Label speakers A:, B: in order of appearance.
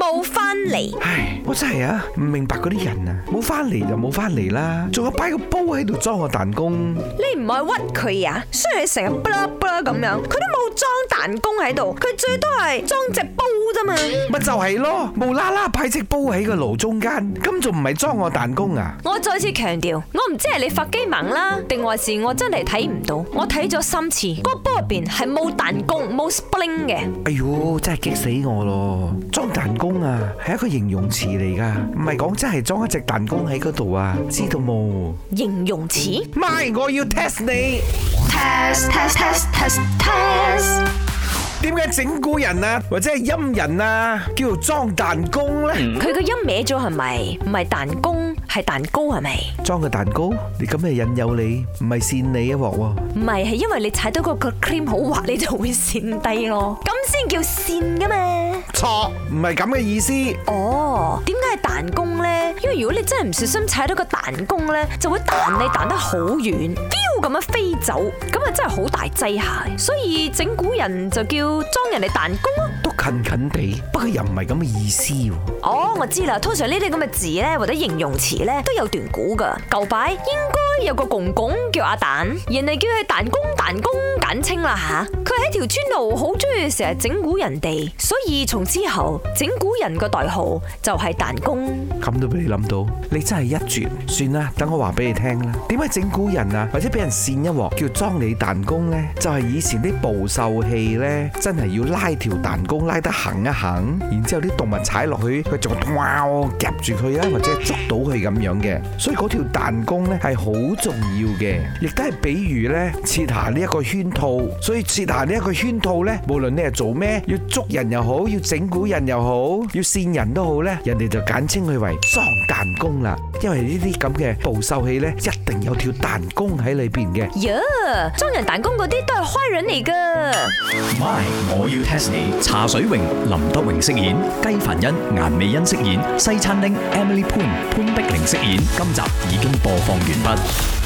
A: 冇翻嚟，
B: 唉，我真係啊，唔明白嗰啲人啊，冇翻嚟就冇翻嚟啦，仲要擺個煲喺度裝個彈弓。
A: 你唔係屈佢啊？雖然你成日布拉布拉咁樣，佢都冇裝彈弓喺度，
B: 佢最多係裝隻煲咋嘛？咪就係咯，無啦啦擺隻煲喺個爐中間，咁仲唔係裝個彈弓啊？
A: 我再次強調，我唔知係你發機盲啦，定還是我真係睇唔到？我睇咗三次，個煲入邊係冇彈弓、冇 spring 嘅。
B: 哎呦，真係激死我咯！裝彈弓。啊，係一個形容詞嚟噶，唔係講真係裝一隻彈弓喺嗰度啊，知道冇？
A: 形容詞，MY，我要
B: test 你，test test test test test，點解整蠱人啊，或者係陰人啊，叫做裝彈弓咧？佢個音歪咗係
A: 咪？唔係彈弓。係蛋糕係咪？
B: 裝個蛋糕，你咁係引誘你，唔係跣你一鑊喎。
A: 唔係，係因為你踩到嗰個 cream 好滑，你就會跣低咯，咁先叫跣噶嘛。
B: 錯，唔係咁嘅意思。哦，點解係彈
A: 弓咧？因為如果你真係唔小心踩到個彈弓咧，就會彈你彈得好遠，飆咁樣飛走，咁啊真係好大劑下，所以整蠱人就叫裝人哋彈弓咯。
B: 近近地，不過又唔係咁嘅意思
A: 喎。哦，我知啦。通常呢啲咁嘅字咧，或者形容詞咧，都有段古噶。舊擺應該有個公公叫阿蛋，人哋叫佢彈弓，彈弓簡稱啦吓。佢喺條村路好中意成日整蠱人哋，所以從之後整蠱人個代號就係彈弓。
B: 咁都俾你諗到，你真係一絕。算啦，等我話俾你聽啦。點解整蠱人啊，或者俾人扇一鑊叫裝你彈弓咧？就係、是、以前啲捕獸器咧，真係要拉條彈弓拉。得行一行，然之後啲動物踩落去，佢仲抓住佢啊，或者捉到佢咁樣嘅。所以嗰條彈弓呢係好重要嘅，亦都係比如呢設下呢一個圈套。所以設下呢一個圈套呢，無論你係做咩，要捉人又好，要整蠱人又好，要扇人都好呢，人哋就簡稱佢為裝彈弓啦。因為呢啲咁嘅爆笑戲咧，一定有條彈弓喺裏邊嘅。
A: 耶，裝人彈弓嗰啲都係開人嚟噶。
B: My，我要 test 你。茶水榮、林德榮飾演，雞凡欣、顏美欣飾演，西餐廳 Emily 潘、潘碧玲飾演。今集已經播放完畢。